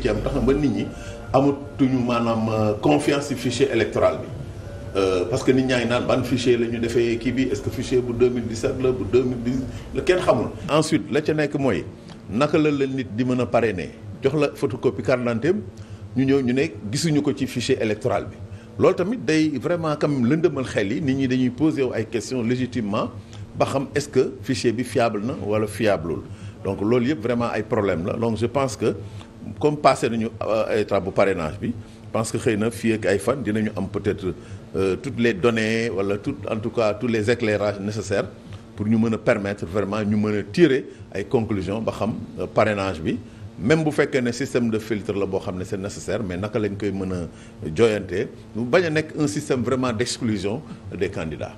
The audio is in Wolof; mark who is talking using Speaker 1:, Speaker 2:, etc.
Speaker 1: ci am tax na ba nit ñi amatuñu maanaam euh, confiance ci fichier électoral bi Euh, parce que nit ñaa ngi naan ban fichier la ñu defee kii bi est-ce que fichier bu 2017 la bu 2010 la kenn xamul. ensuite la ca nekk mooy naka la la nit di mën a parrainer jox la photocopie carte ñu ñëw ñu ne gisuñu ko ci fichier électoral bi. loolu tamit day vraiment quand même lëndëmal xel yi nit ñi dañuy poser wu ay question légitimement ba xam est-ce que fichier bi fiable na wala fiableul. donc loolu yëpp vraiment ay problème la donc je pense que comme passé nañu euh, étape bu parenage bi parce que xëy na fii ak ay fan dinañu am peut-être euh, toutes les données wala tout en tout cas tous les éclairages nécessaires pour ñu mën a permettre vraiment ñu mën a tirer ay conclusions ba xam euh, parrainage bi même bu fekkee ne système de filtre la boo xam ne c'est nécessaire mais naka lañu koy mën a joyantee mu bañ a nekk un système vraiment d'exclusion des candidats